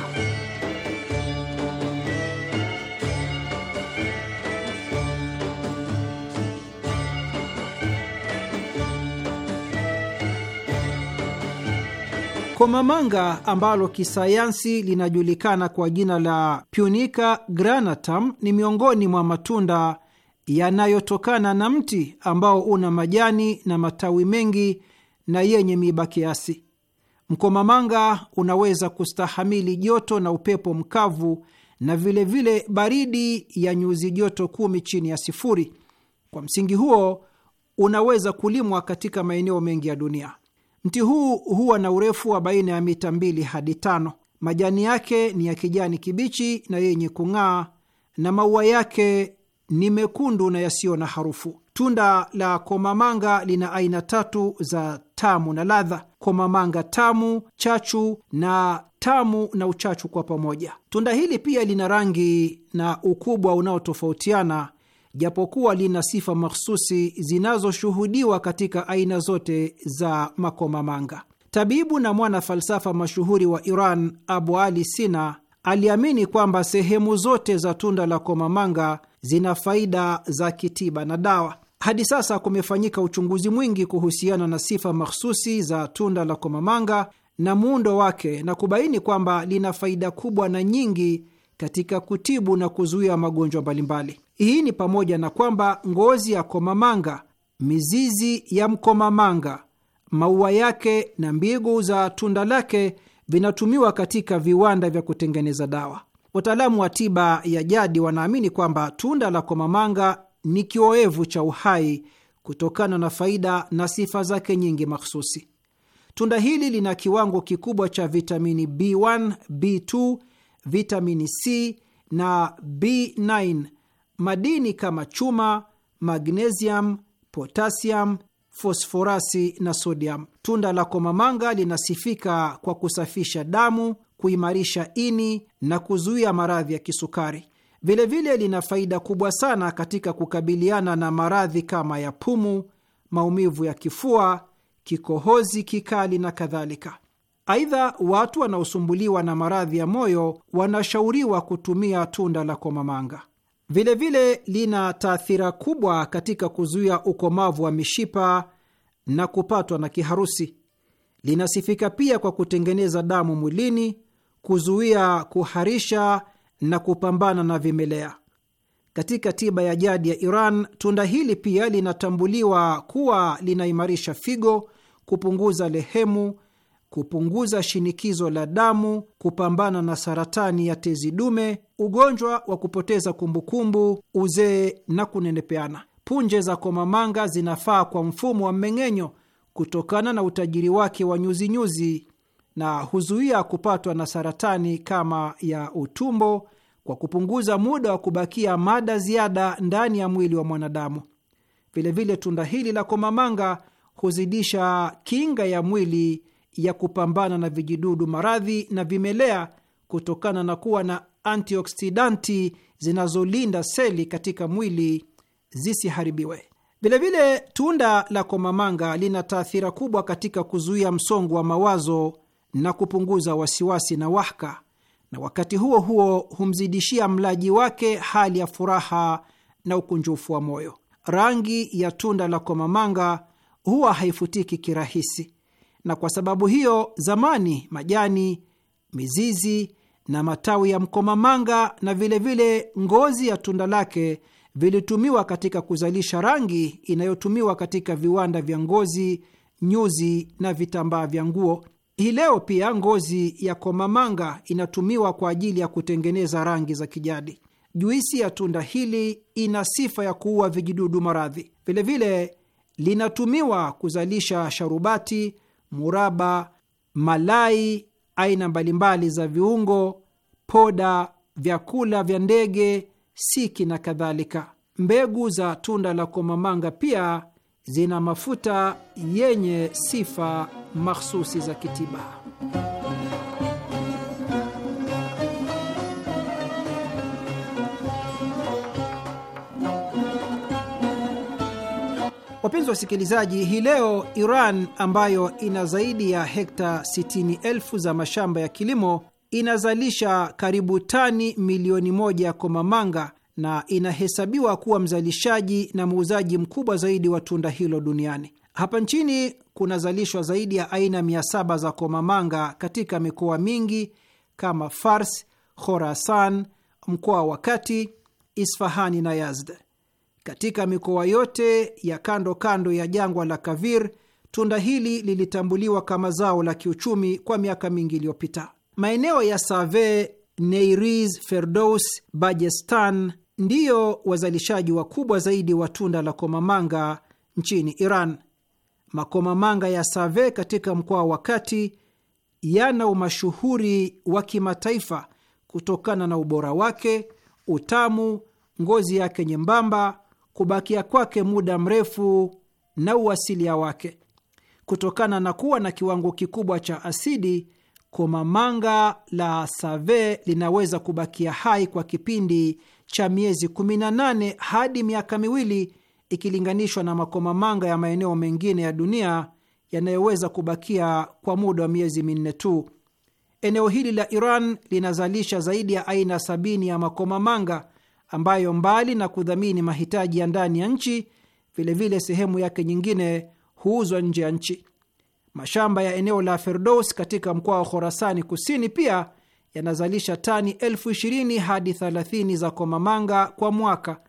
Komamanga ambalo kisayansi linajulikana kwa jina la Punica granatum ni miongoni mwa matunda yanayotokana na mti ambao una majani na matawi mengi na yenye miba kiasi. Mkomamanga unaweza kustahamili joto na upepo mkavu na vilevile vile baridi ya nyuzi joto kumi chini ya sifuri. Kwa msingi huo unaweza kulimwa katika maeneo mengi ya dunia. Mti huu huwa na urefu wa baina ya mita mbili hadi tano. Majani yake ni ya kijani kibichi na yenye kung'aa na maua yake ni mekundu na yasiyo na harufu. Tunda la komamanga lina aina tatu za tamu na ladha: komamanga tamu, chachu na tamu na uchachu kwa pamoja. Tunda hili pia lina rangi na ukubwa unaotofautiana, japokuwa lina sifa mahsusi zinazoshuhudiwa katika aina zote za makomamanga. Tabibu na mwana falsafa mashuhuri wa Iran Abu Ali Sina aliamini kwamba sehemu zote za tunda la komamanga zina faida za kitiba na dawa. Hadi sasa kumefanyika uchunguzi mwingi kuhusiana na sifa mahsusi za tunda la komamanga na muundo wake na kubaini kwamba lina faida kubwa na nyingi katika kutibu na kuzuia magonjwa mbalimbali. Hii ni pamoja na kwamba ngozi ya komamanga, mizizi ya mkomamanga, maua yake na mbigu za tunda lake vinatumiwa katika viwanda vya kutengeneza dawa. Wataalamu wa tiba ya jadi wanaamini kwamba tunda la komamanga ni kioevu cha uhai kutokana na faida na sifa zake nyingi mahsusi. Tunda hili lina kiwango kikubwa cha vitamini B1, B2, vitamini C na B9, madini kama chuma, magnesium, potassium, fosforasi na sodium. Tunda la komamanga linasifika kwa kusafisha damu, kuimarisha ini na kuzuia maradhi ya kisukari. Vilevile lina faida kubwa sana katika kukabiliana na maradhi kama ya pumu, maumivu ya kifua, kikohozi kikali na kadhalika. Aidha, watu wanaosumbuliwa na maradhi ya moyo wanashauriwa kutumia tunda la komamanga. Vilevile lina taathira kubwa katika kuzuia ukomavu wa mishipa na kupatwa na kiharusi. Linasifika pia kwa kutengeneza damu mwilini, kuzuia kuharisha na kupambana na vimelea. Katika tiba ya jadi ya Iran, tunda hili pia linatambuliwa kuwa linaimarisha figo, kupunguza lehemu kupunguza shinikizo la damu, kupambana na saratani ya tezi dume, ugonjwa wa kupoteza kumbukumbu, uzee na kunenepeana. Punje za komamanga zinafaa kwa mfumo wa mmeng'enyo kutokana na utajiri wake wa nyuzinyuzi na huzuia kupatwa na saratani kama ya utumbo kwa kupunguza muda wa kubakia mada ziada ndani ya mwili wa mwanadamu. Vilevile, tunda hili la komamanga huzidisha kinga ya mwili ya kupambana na vijidudu, maradhi na vimelea kutokana na kuwa na antioksidanti zinazolinda seli katika mwili zisiharibiwe. Vilevile, tunda la komamanga lina taathira kubwa katika kuzuia msongo wa mawazo na kupunguza wasiwasi na wahka, na wakati huo huo humzidishia mlaji wake hali ya furaha na ukunjufu wa moyo. Rangi ya tunda la komamanga huwa haifutiki kirahisi na kwa sababu hiyo zamani majani, mizizi na matawi ya mkomamanga na vilevile vile ngozi ya tunda lake vilitumiwa katika kuzalisha rangi inayotumiwa katika viwanda vya ngozi, nyuzi na vitambaa vya nguo. Hii leo pia ngozi ya komamanga inatumiwa kwa ajili ya kutengeneza rangi za kijadi. Juisi ya tunda hili ina sifa ya kuua vijidudu maradhi. Vilevile linatumiwa kuzalisha sharubati muraba, malai, aina mbalimbali za viungo, poda, vyakula vya ndege, siki na kadhalika. Mbegu za tunda la komamanga pia zina mafuta yenye sifa mahsusi za kitiba. Wapenzi wasikilizaji, hii leo Iran ambayo ina zaidi ya hekta 60,000 za mashamba ya kilimo inazalisha karibu tani milioni moja ya komamanga na inahesabiwa kuwa mzalishaji na muuzaji mkubwa zaidi wa tunda hilo duniani. Hapa nchini kunazalishwa zaidi ya aina 700 za komamanga katika mikoa mingi kama Fars, Khorasan, mkoa wa Kati, Isfahani na Yazd. Katika mikoa yote ya kando kando ya jangwa la Kavir, tunda hili lilitambuliwa kama zao la kiuchumi kwa miaka mingi iliyopita. Maeneo ya Save, Neiriz, ferdos Bajestan ndiyo wazalishaji wakubwa zaidi wa tunda la komamanga nchini Iran. Makomamanga ya Save katika mkoa wa Kati yana umashuhuri wa kimataifa kutokana na ubora wake, utamu, ngozi yake nyembamba, kubakia kwake muda mrefu na uasilia wake. Kutokana na kuwa na kiwango kikubwa cha asidi, komamanga la save linaweza kubakia hai kwa kipindi cha miezi 18 hadi miaka miwili ikilinganishwa na makomamanga ya maeneo mengine ya dunia yanayoweza kubakia kwa muda wa miezi minne tu. Eneo hili la Iran linazalisha zaidi ya aina sabini ya makomamanga ambayo mbali na kudhamini mahitaji ya ndani ya nchi, vilevile sehemu yake nyingine huuzwa nje ya nchi. Mashamba ya eneo la ferdos katika mkoa wa Khorasani Kusini pia yanazalisha tani elfu ishirini hadi thelathini za komamanga kwa mwaka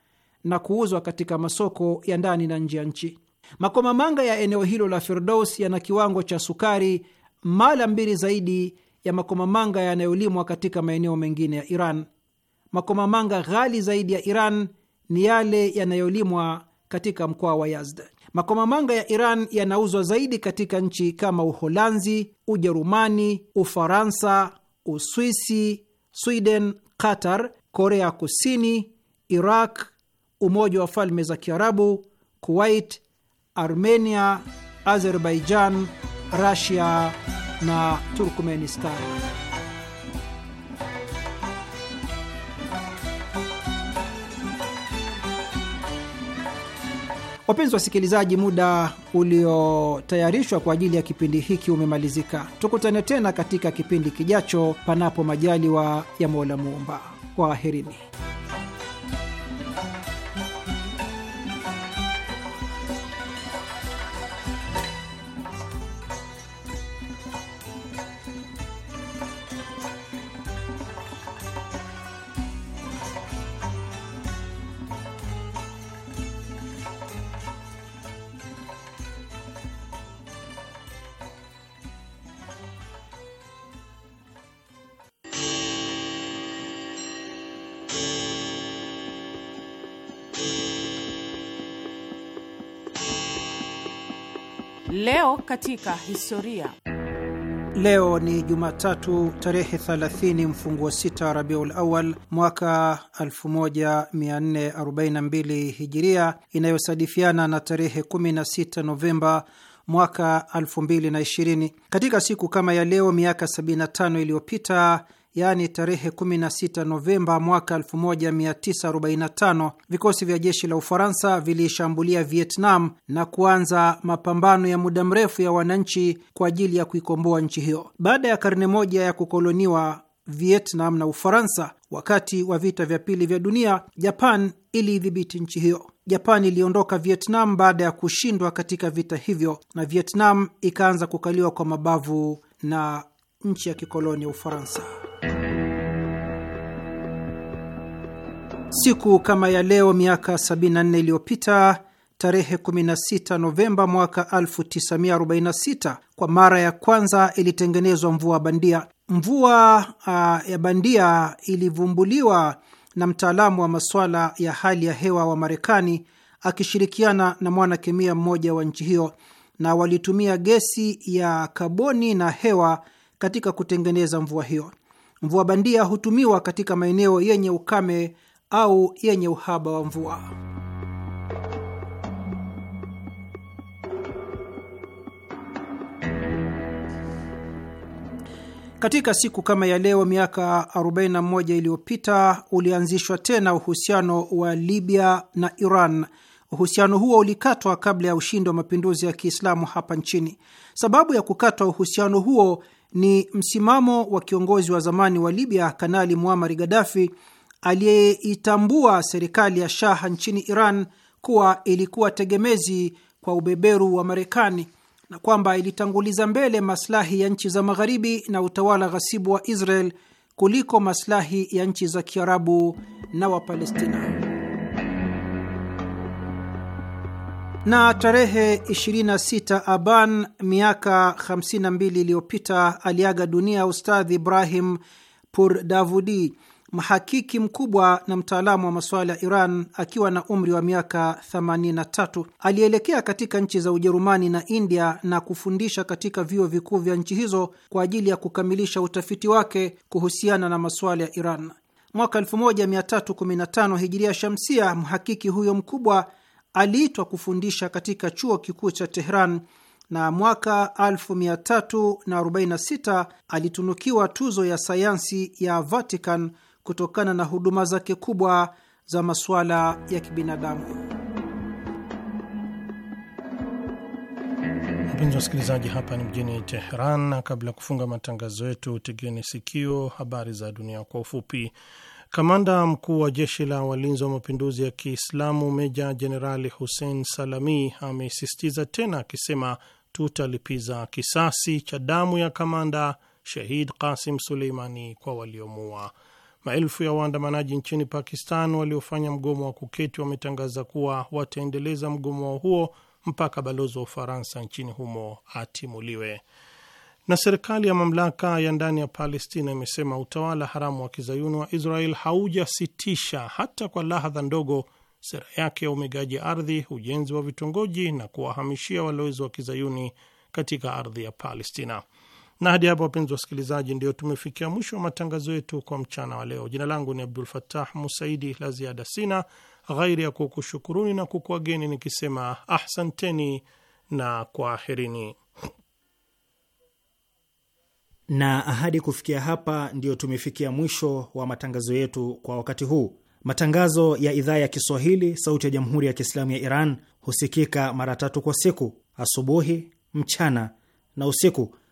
na kuuzwa katika masoko ya ndani na nje ya nchi. Makomamanga ya eneo hilo la ferdos yana kiwango cha sukari mara mbili zaidi ya makomamanga yanayolimwa katika maeneo mengine ya Iran makomamanga ghali zaidi ya Iran ni yale yanayolimwa katika mkoa wa Yazd. Makomamanga ya Iran yanauzwa zaidi katika nchi kama Uholanzi, Ujerumani, Ufaransa, Uswisi, Sweden, Qatar, Korea Kusini, Iraq, Umoja wa Falme za Kiarabu, Kuwait, Armenia, Azerbaijan, Rusia na Turkmenistan. Wapenzi wasikilizaji, muda uliotayarishwa kwa ajili ya kipindi hiki umemalizika. Tukutane tena katika kipindi kijacho, panapo majaliwa ya Mola Muumba. Kwaherini. Leo katika historia. Leo ni Jumatatu tarehe 30 mfunguo sita Rabiul Awal mwaka 1442 Hijiria, inayosadifiana na tarehe 16 Novemba mwaka 2020. Katika siku kama ya leo miaka 75 iliyopita yaani tarehe 16 Novemba mwaka 1945 vikosi vya jeshi la Ufaransa vilishambulia Vietnam na kuanza mapambano ya muda mrefu ya wananchi kwa ajili ya kuikomboa nchi hiyo baada ya karne moja ya kukoloniwa Vietnam na Ufaransa. Wakati wa vita vya pili vya dunia, Japan iliidhibiti nchi hiyo. Japan iliondoka Vietnam baada ya kushindwa katika vita hivyo, na Vietnam ikaanza kukaliwa kwa mabavu na nchi ya kikoloni ya Ufaransa. Siku kama ya leo miaka 74 iliyopita tarehe 16 Novemba mwaka 1946 kwa mara ya kwanza ilitengenezwa mvua bandia. Mvua uh, ya bandia ilivumbuliwa na mtaalamu wa masuala ya hali ya hewa wa Marekani akishirikiana na mwanakemia mmoja wa nchi hiyo, na walitumia gesi ya kaboni na hewa katika kutengeneza mvua hiyo. Mvua bandia hutumiwa katika maeneo yenye ukame au yenye uhaba wa mvua. Katika siku kama ya leo miaka 41 iliyopita ulianzishwa tena uhusiano wa Libya na Iran. Uhusiano huo ulikatwa kabla ya ushindi wa mapinduzi ya Kiislamu hapa nchini. Sababu ya kukatwa uhusiano huo ni msimamo wa kiongozi wa zamani wa Libya, Kanali Muammar Gaddafi, aliyeitambua serikali ya Shah nchini Iran kuwa ilikuwa tegemezi kwa ubeberu wa Marekani na kwamba ilitanguliza mbele maslahi ya nchi za Magharibi na utawala ghasibu wa Israel kuliko maslahi ya nchi za Kiarabu na Wapalestina. Na tarehe 26 Aban miaka 52 iliyopita aliaga dunia Ustadhi Ibrahim davudi mhakiki mkubwa na mtaalamu wa masuala ya Iran akiwa na umri wa miaka 83. Alielekea katika nchi za Ujerumani na India na kufundisha katika vyuo vikuu vya nchi hizo kwa ajili ya kukamilisha utafiti wake kuhusiana na masuala ya Iran. Mwaka 1315 hijiria shamsia, mhakiki huyo mkubwa aliitwa kufundisha katika chuo kikuu cha Tehran na mwaka 1346 alitunukiwa tuzo ya sayansi ya Vatican kutokana na huduma zake kubwa za masuala ya kibinadamu. Mpenzi wasikilizaji, hapa ni mjini Teheran, na kabla ya kufunga matangazo yetu, tegeni sikio habari za dunia kwa ufupi. Kamanda mkuu wa jeshi la walinzi wa mapinduzi ya Kiislamu Meja Jenerali Hussein Salami amesisitiza tena akisema, tutalipiza kisasi cha damu ya kamanda shahid Qasim Suleimani kwa waliomuua. Maelfu ya waandamanaji nchini Pakistan waliofanya mgomo wa kuketi wametangaza kuwa wataendeleza mgomo wa huo mpaka balozi wa Ufaransa nchini humo atimuliwe. Na serikali ya mamlaka ya ndani ya Palestina imesema utawala haramu wa kizayuni wa Israel haujasitisha hata kwa lahadha ndogo sera yake ya umegaji ardhi, ujenzi wa vitongoji na kuwahamishia walowezi wa kizayuni katika ardhi ya Palestina. Na hadi hapa, wapenzi wasikilizaji, ndio tumefikia mwisho wa matangazo yetu kwa mchana wa leo. Jina langu ni Abdul fatah Musaidi. La ziada sina ghairi ya kukushukuruni na kukuageni nikisema ahsanteni na kwaherini na ahadi. Kufikia hapa, ndio tumefikia mwisho wa matangazo yetu kwa wakati huu. Matangazo ya idhaa ya Kiswahili sauti ya jamhuri ya Kiislamu ya Iran husikika mara tatu kwa siku: asubuhi, mchana na usiku